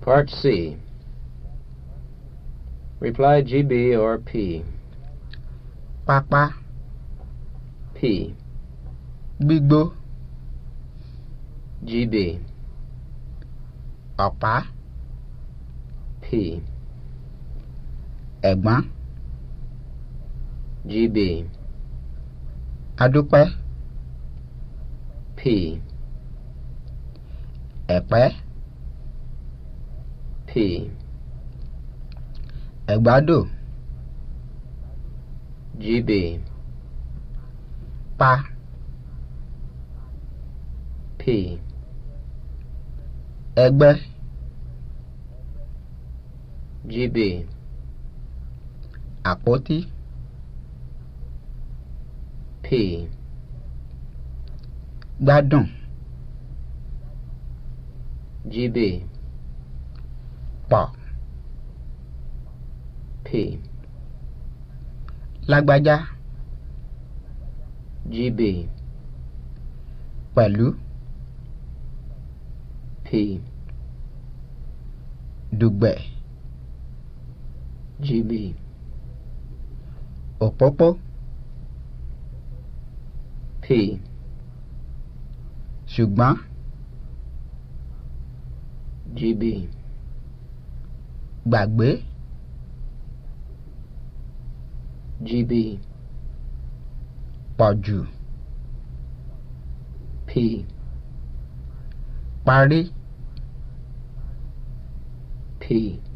Part C. Reply GB or P. Papa. P. Bigbo. GB. Papa. P. Ẹ̀gbọ́n. GB. Adúpẹ́. P. Ẹ̀pẹ́. P. Ẹ̀gbádò. GB. Pa. P. Ẹgbẹ́. GB. Àpótí. P. Gbádùn. GB. P. Lágbájá. GB. Pẹ̀lú. P. Dùgbẹ̀. GB. Òpópó. P. Ṣùgbọ́n. GB. gbàgbé. gb. pọ̀jù. p. parí. p.